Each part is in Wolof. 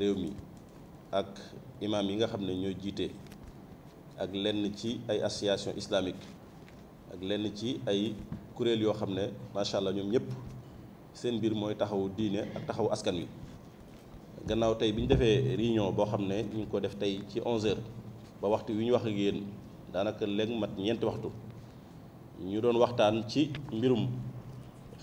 réew mi ak imaam yi nga xam ne ñoo jiite ak lenn ci ay association islamique ak lenn ci ay kuréel yoo xam ne macha allah ñoom ñëpp seen mbir mooy taxawu diine ak taxawu askan wi gannaaw tey bi ñu defee réunion boo xam ne ñu ko def tey ci 11h ba waxtu wi ñu wax ak yéen daanaka léegi mat ñeenti waxtu ñu doon waxtaan ci mbirum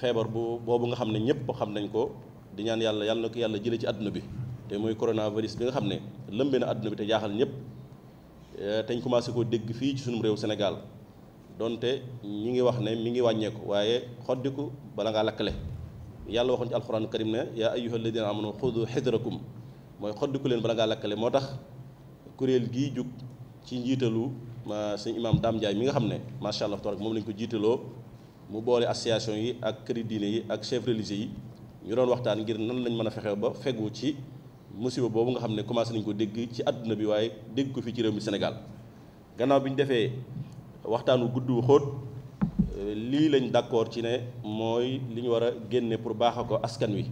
xeebar bu boobu nga xam ne ñëpp xam nañ ko diñaan yàlla yàlla na ko yàlla jëlee ci àdduna bi. te mooy coronavirus bi nga xam ne lëmbe na àdduna bi te jaaxal ñëpp eh, teñ commencé koo dégg fii ci sunum réew Sénégal donte ñi ngi wax ne mi ngi wàññeeku waaye xoddiku bala ngaa lakkale yàlla waxoon ci alxuraan karim ne yaa am alladina amanu xudu xidrakum mooy xoddiku leen bala ngaa lakkale moo tax kuréel gii jug ci njiitalu suñu imaam Dame Ndiaye mi nga xam ne macha allah tabarak moom lañ ko jiitaloo mu boole association yi ak këri diine yi ak chef yi ñu doon waxtaan ngir nan lañ mën a fexe ba fegu ci. musiba boobu nga xam ne commencé nañ ko dégg ci àdduna bi waaye dégg ko fii ci réew mi Sénégal gannaaw bi ñu defee waxtaan wu gudd wu lii lañ d'accord ci ne mooy li ñu war a génne pour baaxa ko askan wi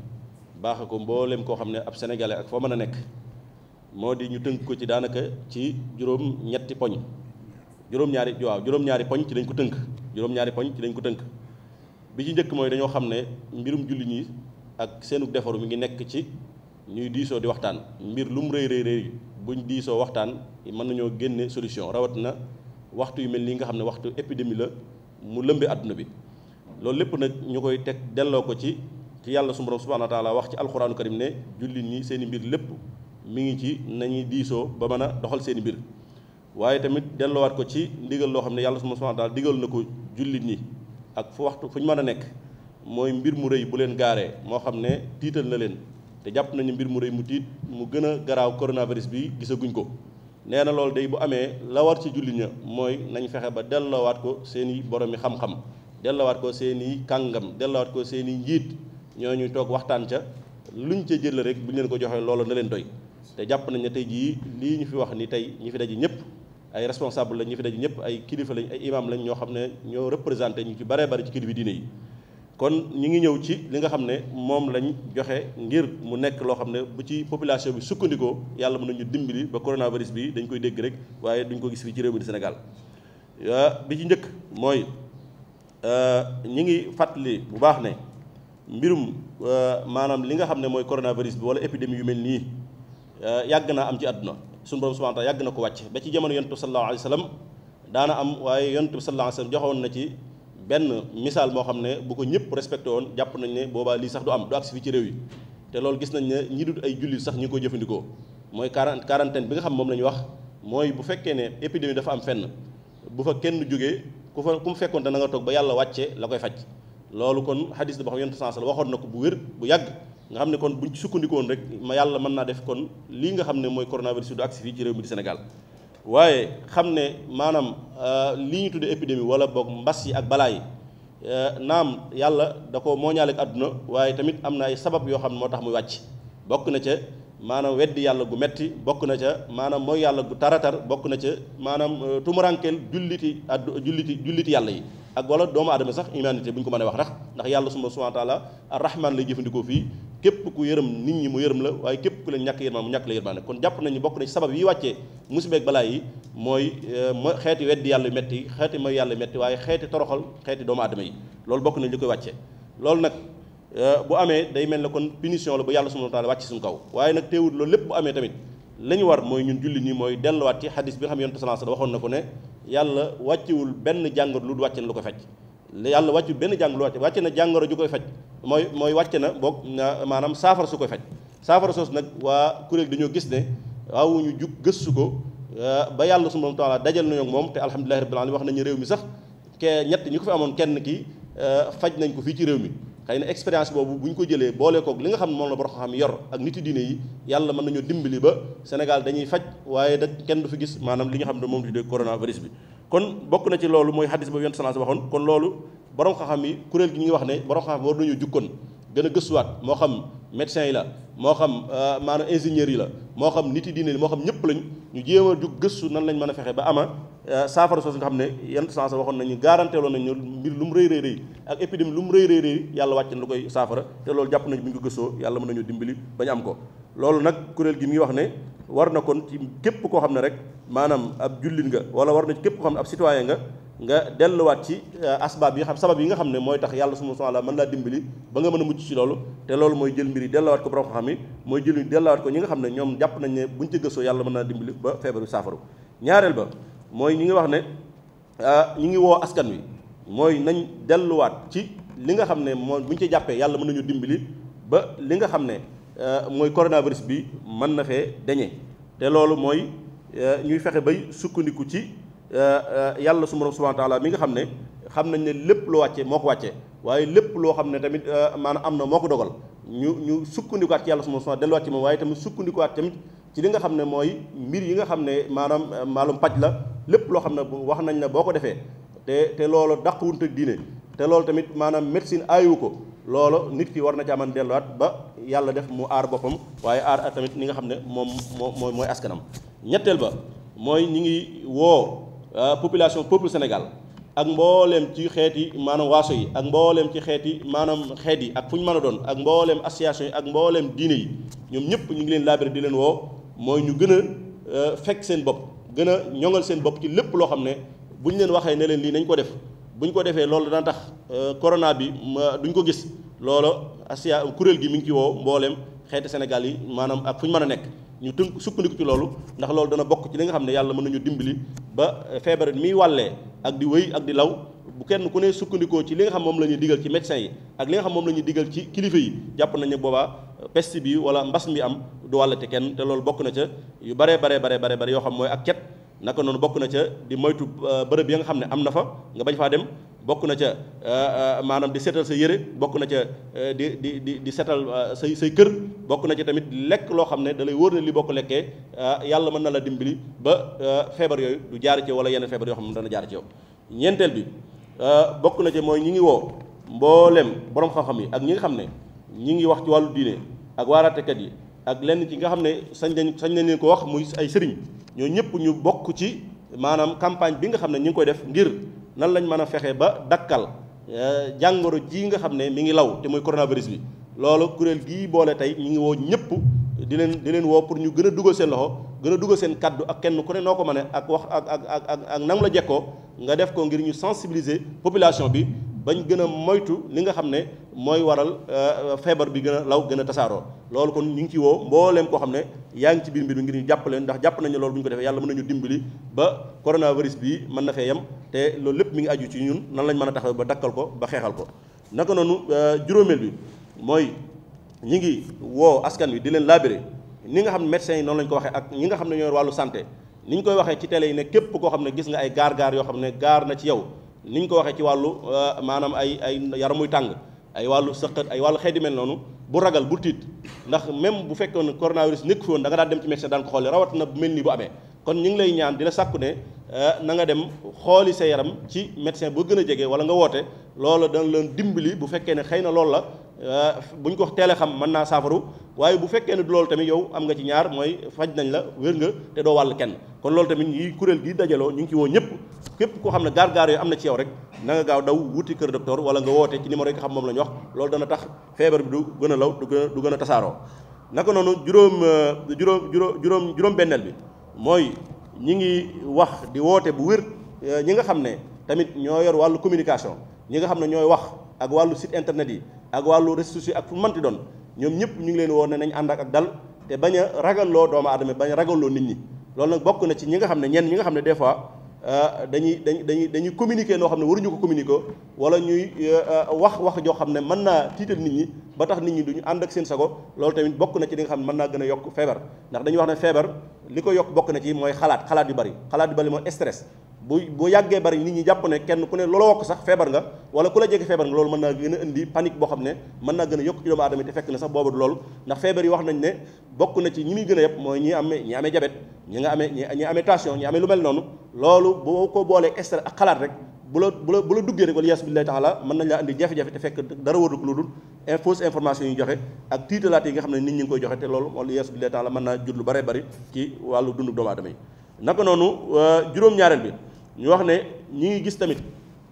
baaxa ko mbooleem koo xam ne ab sénégalais ak foo mën a nekk moo di ñu tënk ko ci daanaka ci juróom-ñetti poñ juróom-ñaari waaw juróom-ñaari poñ ci dañ ko tënk juróom poñ ci dañ ko tënk bi ci njëkk mooy dañoo xam ne mbirum julli ñi ak seenu defaru mi ngi nekk ci ñuy diisoo di waxtaan mbir lu mu rëy rëy rëy buñ diisoo waxtaan mën nañoo génne solution rawat na waxtu yu mel nii nga xam ne waxtu épidémie la mu lëmbi àdduna bi loolu lépp nag ñu koy teg delloo ko ci ci yàlla suñu borom subhaanahu wa taala wax ci alxuraanu karim ne jullit ñi seen i mbir lépp mi ngi ci nañuy diisoo ba mën a doxal seen mbir waaye tamit delloowaat ko ci ndigal loo xam ne yàlla subhaanahu wa taala digal na ko jullit ñi ak fu waxtu fu ñu mën a nekk mooy mbir mu rëy leen gaaree moo xam ne tiital na leen te jàpp nañu mbir mu rey mu tiit mu gën a garaaw coronavirus bi gisaguñ ko nee na loolu day bu amee lawar ci julli ña mooy nañ fexe ba delloowaat ko seen i borom yi xam-xam delloowaat ko seen i kàngam delloowaat ko seeni njiit ñoo ñuy toog waxtaan ca luñ ca jël rek buñ leen ko joxee loolu na leen doy te jàpp nañ ne tey jii lii ñu fi wax ni tey ñu fi daje ñëpp ay responsable lañ ñu fi daje ñëpp ay kilifa lañ ay imam lañ ñoo xam ne ñoo représenté ñu ci baree bari ci kilifa diine yi kon ñu ngi ñëw ci li nga xam ne moom lañ joxe ngir mu nekk loo xam ne bu ci population bi sukkandikoo yàlla mën ñu dimbili ba coronavirus bi dañ koy dégg rek waaye duñ ko gis fi ci réew mi di Sénégal euh, bi ci njëkk mooy euh, ñi ngi fàttali bu baax ne mbirum euh, maanaam li nga xam ne mooy coronavirus bi wala épidémie yu mel nii yàgg naa am ci àdduna suñu borom subhanahu wa yàgg na ko wàcc ba ci jamono yonent bi sallallahu alayhi wa sallam daana am waaye yonent bi sallallahu joxoon na ci benn misaal moo xam ne bu ko ñëpp respecté woon jàpp nañ ne boobaa lii sax du am du agsi fi ci réew yi te loolu gis nañ ne ñi dut ay jullit sax ñi ngi koy jëfandikoo mooy quarantaine bi nga xam moom la ñu wax mooy bu fekkee ne épidémie dafa am fenn bu fa kenn jógee ku fa ku mu fekkoon te na toog ba yàlla wàcce la koy faj loolu kon hadis boo xam yonent sens la waxoon na ko bu wér bu yàgg nga xam ne kon buñ sukkandikoon rek ma yàlla mën naa def kon lii nga xam ne mooy coronavirus du agsi fii ci réew mi waaye xam ne maanaam euh, li ñu tuddee épidémie wala boog mbas yi ak balaa yi euh, naam yàlla da ko moo àdduna waaye tamit am na ay sabab yoo xam ne moo tax muy wàcc bokk na ca maanaam weddi yàlla gu metti bokk na ca maanaam mooy yàlla gu taratar bokk na ca maanaam euh, tumurankeel julliti addu julliti julliti yàlla yi ak wala doomu aadama sax humanité bu ñu ko mën a wax ndax ndax yàlla suma subhanahu wa taala arrahman lay jëfandikoo fii képp ku yërëm nit ñi mu yërëm la waaye képp ku leen ñàkk yërmaan mu ñàkk la yërmaane kon jàpp nañu bokk na ci sabab yi wàccee musibeeg balaa yi mooy euh, mooy xeeti weddi yàlla yu metti xeeti yàlla yu waaye xeeti toroxal xeeti doomu aadama yi loolu bokk nañ li wàccee loolu nag euh, bu amee day mel ne kon punition la bu yàlla subhanahu wa taala wàcc suñu kaw waaye nag teewul loolu lépp bu amee tamit la ñu war mooy ñun julli nii mooy delluwaat ci xadis bi xam yonent sallallahu waxoon na ko ne yàlla wàccewul benn jàngat lu wàcce na lu ko fecc yàlla wàccu benn jàng loote wàcce na jàngoro ju koy faj mooy mooy wàcce na boog maanaam saafara su koy faj saafara soos nag waa kuréel dañoo gis ne waawuñu jug gëstu ko eh, ba yàlla subhanahu wa taala dajal nañu ak moom te alhamdulilahi rabbil alamin wax nañu réew mi sax kee ñett ñi ko amoon kenn ki eh, faj nañ ko fii ci réew mi na expérience boobu bu ñu ko jëlee boole koog li nga xam ne moom la borom xam yor ak niti diine yi yàlla mën nañoo dimbali ba Sénégal dañuy faj waaye da kenn du fi gis maanaam li nga xam ne moom la ñu tuddee coronavirus bi kon bokk na ci loolu mooy xaddis ba yonent sallallahu alayhi waxoon kon loolu borom xam-xam yi kuréel gi ñu ngi wax ne borom xam-xam war nañu jukkoon gën a moo xam médecins yi la moo xam euh, maanaam ingénieurs yi la moo xam nit yi diine yi moo xam ñëpp lañ ñu jéem a jug gëstu nan lañ mën a fexe ba ama euh, saafara soosu nga xam ne yan sens waxoon nañu garanté loon nañu mbir lu mu rëy rëy rëy ak épidémie lu mu rëy rëy rëy yàlla wàcc lu koy saafara te loolu jàpp nañu bu gëstoo yàlla mën nañu dimbali ba am ko loolu nag kuréel gi mi wax ne war na kon ci képp koo xam ne rek maanaam ab jullit nga wala war na ci képp koo xam ne ab citoyen nga nga delluwaat ci euh, asbaab yi xam sabab yi nga xam ne mooy tax yàlla subhaanahu wa mën laa dimbali ba nga mën a mucc ci loolu loolu mooy jël mbir yi delluwaat ko borom xam yi mooy jël ko ñi nga xam ne ñoom jàpp nañ ne buñ ci gëstoo yàlla mën naa dimbali ba feebar bi saafaru ñaareel ba mooy ñi ngi wax ne euh, ñi ngi woo askan wi mooy nañ delluwaat ci li nga xam ne moom buñ ci jàppee yàlla mën nañu dimbali ba li nga xam ne Euh, mooy coronavirus bi mën na fee dañee te loolu mooy euh, ñuy fexe bay sukkandiku ci euh, yàlla su borom subhanahu wa taala nga xam ne xam nañ ne lépp lu wàcce moo ko wàcce waaye lépp loo xam ne tamit maanaam am na moo ko dogal ñu ñu sukkandikuwaat ci yàlla su borom subhanahu delluwaat ci moom waaye tamit sukkandikuwaat ci li nga xam ne mooy mbir yi nga xam ne maanaam maalum paj la lépp loo xam ne wax nañ ne boo ko defee te te loolu dàquwunt ak diine te loolu tamit maanaam médecine aayu ko loolu nit ki war na caa mën delluwaat ba yàlla def mu aar boppam waaye aar tamit ni nga xam ne moom moo mooy askanam ñetteel ba mooy ñi ngi woo euh, population peuple Sénégal ak mbooleem ci xeeti maanaam waaso yi ak mbooleem ci xeeti maanaam xeet yi ak fu ñu mën a doon ak mbooleem association yi ak mbooleem diine yi ñoom ñëpp ñu ngi leen laabire di leen woo mooy ñu gën a euh, fekk seen bopp gën a ñoŋal seen bopp ci lépp loo xam ne bu ñu leen waxee ne leen lii nañ ko def bu ñu ko defee loolu dana tax euh, corona bi duñ ko gis loolu asia kuréel gi mi ngi woo mbooleem xeeti Sénégal yi maanaam ak fu ñu mën a nekk ñu tënk sukkandiku ci loolu ndax loolu dana bokk ci li nga xam ne yàlla mën nañu dimbali ba euh, feebar miy wàllee ak di wéy ak di law bu kenn ku ne sukkandikoo ci li nga xam moom la ñuy digal ci médecin yi ak li nga xam moom la ñuy digal ci kilifa yi jàpp nañ ne boobaa euh, pest bi wala mbas mi am du te kenn te loolu bokk na ca yu baree baree baree baree bare yoo xam mooy ak naka noonu bokk na ca di moytu euh, bërëb yi nga xam ne am na fa nga bañ faa dem bokk na ca euh, euh, maanaam di seetal sa yére bokk na ca di di di di seetal say say kër bokk na ca tamit lekk loo xam ne da lay wóor na li boo ko lekkee yàlla mën na la dimbali ba feebar yooyu du jaar ci wala yeneen feebar yoo xam ne dana jaar ci yow. ñeenteel bi bokk na ca mooy ñi ngi woo mboolem borom xam-xam yi ak ñi nga xam ne ñi ngi wax ci wàllu diine ak waaraatekat yi ak lenn ci nga xam ne sañ nañ sañ nañ leen ko wax muy ay sëriñ. ñoo ñëpp ñu bokk ci maanaam campagne bi nga xam ne ñu ngi koy def ngir nan lañ mën a fexe ba dakkal euh, jàngoro ji nga xam ne mi ngi law te muy coronavirus bi loolu kuréel gii boole tey ñu ngi woo ñëpp di leen di leen woo pour ñu gën a dugal seen loxo gën a dugal seen kàddu ak kenn ku ne noo ko mën ak wax ak ak ak ak nang la jekkoo nga def ko ngir ñu sensibiliser population bi bañ gën a moytu li nga xam ne mooy waral euh, feebar bi gën a law gën a tasaaroo loolu kon ñu ngi ci woo mbooleem koo xam ne yaa ngi ci biir mbir bi ngir ñu jàpp leen ndax jàpp nañu loolu bu ñu ko defee yàlla mën nañu dimbali ba coronavirus bi mën na fee yem te loolu lépp mi ngi aju ci ñun nan lañ mën a taxaw ba dakkal ko ba xeexal ko naka noonu euh, juróomeel bi mooy ñi ngi woo askan wi di leen laabéré ni nga xam ne médecins yi noonu lañ ko waxee ak ñi nga xam ne ñooy wàllu santé ni ñu koy waxee ci télé yi ne képp koo xam ne gis nga ay gaar yoo xam ne gaar na ci yow ni ñu ko waxee ci wàllu euh, maanaam ay ay yaram muy tàng ay wàllu sëqat ay wàllu xeet yu mel noonu bu ragal bu tiit ndax même bu fekkoon coronavirus nekk fi woon da nga daan dem ci médecin daan ko xoole rawatina bu mel kon ñu ngi lay ñaan di la sàkku ne euh, na nga dem xooli sa yaram ci médecin boo gën a jege wala nga woote loola dana leen dimbali bu fekkee ne xëy na loolu la euh, bu ñu ko teelee xam mën naa saafaru waaye bu fekkee ne du loolu tamit yow am nga ci ñaar mooy faj nañ la wér nga te doo wàll kenn kon loolu tamit ñi kuréel gi dajaloo ñu ngi ci woo ñëpp képp koo xam ne gaar-gaar yooyu am na ci yow rek na nga gaaw daw wuti kër docteur wala nga woote ci numéro yi nga xam moom la ñu wax loolu dana tax feebar bi du gën a law du gën a a tasaaroo naka noonu euh, juróom juróom juróom juróom benneel bi mooy ñi ngi wax di woote bu wér euh, ñi nga xam ne tamit ñoo yor wàllu communication ñi nga xam ne ñooy wax ak wàllu site internet yi ak wàllu réseaux sociaux ak fu manti doon ñoom ñëpp ñu ngi leen woon ne nañu ànd ak ak dal te bañ a ragalloo doomu aadama bañ a ragalloo nit ñi loolu nag bokk na ci ñi nga xam ne ñenn ñi nga xam ne des fois Euh, dañuy dañuy dañuy communiquer noo xam ne waruñu ko communiquer wala ñuy euh, euh, wax wax joo xam ne mën naa tiital nit ñi ba tax nit ñi duñu ànd ak seen sago loolu tamit bokk na ci li nga xam ne mën naa gën a yokk feebar ndax dañuy wax ne feebar li ko yokk bokk na ci mooy xalaat xalaat yu bari xalaat yu bari mooy stress bu bu yàggee bari nit ñi jàpp ne kenn ku ne loola wokk sax feebar nga wala ku la jege feebar nga loolu mën naa gën a indi panique boo xam ne mën naa gën a yokk ci doomu aadama te fekk na sax boobu loolu ne bokk na ci ñi muy gën a yëpp mooy ñi jabet ñi nga amee ñi amee tension ñi amee lu mel noonu loolu boo ko boolee stress ak rek bu la bu la bu la duggee rek wala yaasu billahi mën nañ laa indi jafe-jafe te fekk dara wóorul lu dul fausse information yi joxe ak yi nga xam ne nit ñi ngi koy joxe te loolu wala yaasu billahi taala mën naa lu bare bari ci wàllu dundu doomu aadama yi naka noonu euh, juróom-ñaareel bi ñu wax ne ñi ngi gis tamit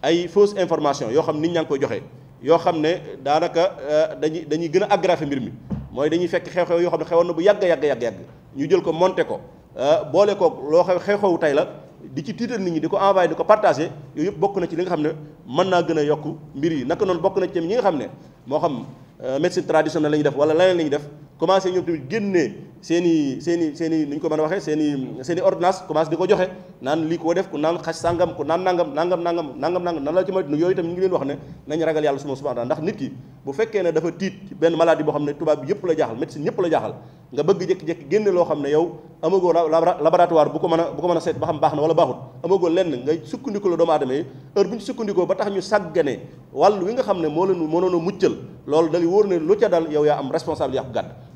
ay fausse information yoo xam nit ñaa ngi koy joxe yoo xam ne daanaka euh, dañu dañuy gën a aggraver mbir mi mooy dañuy fekk xew-xew yoo xam ne xewoon na bu yàgg yàgg yàgg yàgg ñu jël ko monter ko euh, boole ko loo xew xew-xewu tey la di ci tiital nit ñi di ko envoyé ko partagé yooyu yëpp bokk na ci li nga xam ne mën naa gën a yokk mbir yi naka noonu bokk na ci tamit ñi nga xam ne moo xam euh, médecine traditionnelle la ñu def wala leneen la ñu def commencé ñoom génnee seeni i seen seen nu ñu ko mën a waxee seen i seen i ordonnance di ko joxe naan lii koo def ku naan xas sàngam ku naan nangam nangam nangam nangam nangam nan la ci moytu yooyu itam ñu ngi leen wax ne nañ ragal yàlla suma subhanahu wa taala ndax nit ki bu fekkee ne dafa tiit ci benn maladie boo xam ne tubaab bi yëpp la jaaxal médecine yëpp la jaaxal nga bëgg jékki-jékki génne loo xam ne yow amagoo laboratoire bu ko mën a a seet ba xam baax na wala baaxut amagoo lenn ngay sukkandikoo la doomu aadama yi heure bu ñu sukkandikoo ba tax ñu sàggane wàll wi ne moo leen moo noonu muccal loolu dali wóor lu ca yow yaa am responsable yàqu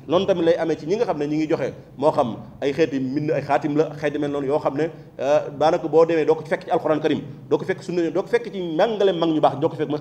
noonu tamit lay amee ci ñi nga xam ne ñi ngi joxe moo xam ay xeeti mbind ay xaatim la xeeti mel noonu yoo xam ne euh, daanaka boo demee doo ko fekk ci alxuraan karim doo ko fekk sunna doo ko fekk ci màngale mag ñu baax doo loolu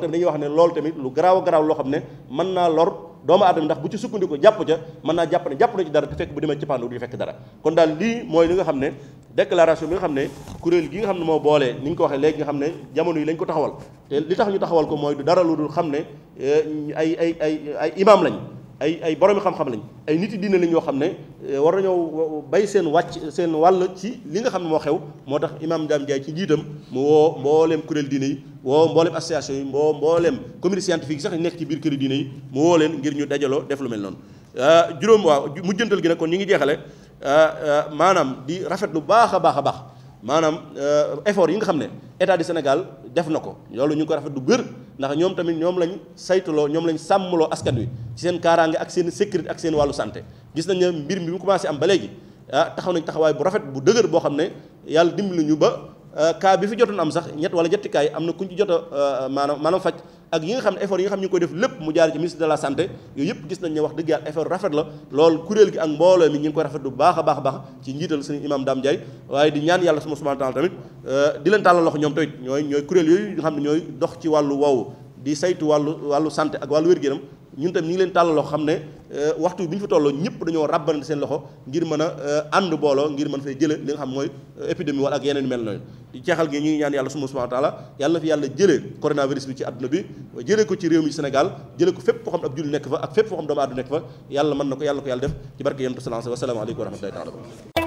tamit dañuy wax ne loolu a garaaw loo xam ne mën naa lor doomu aadama ndax bu ci sukkandiku jàpp ca mën naa jàpp ne jàpp na ci dara te fekk bu demee ci pàndu fekk dara kon daal lii mooy li nga xam ne déclaration bi nga xam ne kuréel gi nga xam ne moo boole ni ñu ko waxee léegi nga xam ne jamono yi lañ ko taxawal te li tax ñu taxawal ko mooy du dara lu dul xam ne eh, ay ay ay ay imaam lañ ay ay boroomi xam-xam lañ ay nit yi diine lañ yoo xam ne eh, war nañoo bay seen wàcc seen wàll ci li nga xam ne moo xew moo tax imaam Dame Ndiaye ci njiitam mu woo mbooleem kuréel diine yi woo mbooleem association yi woo mbooleem comité scientifique yi sax nekk ci biir këri diine yi mu woo leen ngir ñu dajaloo def lu mel noonu eh, juróom waaw mujjantal gi nag kon ñu ngi jeexale Euh, euh, maanaam di rafet lu baax a baax a baax maanaam euh, effort yi nga xam ne état du Sénégal def na ko loolu ñu ngi ko rafet lu gër ndax ñoom tamit ñoom lañ saytuloo ñoom lañ sàmmloo askan wi ci seen kaaraange ak seen sécurité ak seen wàllu santé gis nañ ne mbir mi mu commencé am ba léegi ah taxaw nañ taxawaay bu rafet bu dëgër boo xam ne yàlla dimbali ñu ba Euh, cas bi fi jotoon am sax ñett wala ñetti am na ku ci jot a euh, maanaam maanaam faj ak yi nga xam ne effort yi nga xam ñu ngi koy def lépp mu jaar ci ministre de la yëpp gis nañ ne wax dëgg yàlla effort rafet la loolu kuréel gi ak mbooloo mi ñu ngi koy rafet bu baax a baax baax ci njiital sëñ imam Dame Ndiaye waaye di ñaan yàlla suma subhanahu taala tamit euh, di leen tàllal loxo ñoom tamit ñooy ñooy kuréel yooyu nga ñooy dox ci wàllu woowu di saytu wàllu wàllu santé ak wàllu wér gu ñun tam ñu ngi leen tàll loxo xam ne euh, waxtu bi ñu fa tolloo ñëpp dañoo ràbbanante seen loxo ngir mën a euh, ànd booloo ngir mën fay jële li nga xam mooy euh, épidémie wala ak yeneen mel noonu di ceexal gi ñu ñaan yàlla subhanahu wa taala yàlla na fi yàlla jëlee coronavirus bi ci àdduna bi jëlee ko ci réew mi Sénégal jëlee ko fépp foo xam ab julli nekk fa ak fépp foo xam doomu aadama nekk fa yàlla mën na ko yàlla ko yàlla def ci barke yonent sallallahu alayhi wa sallam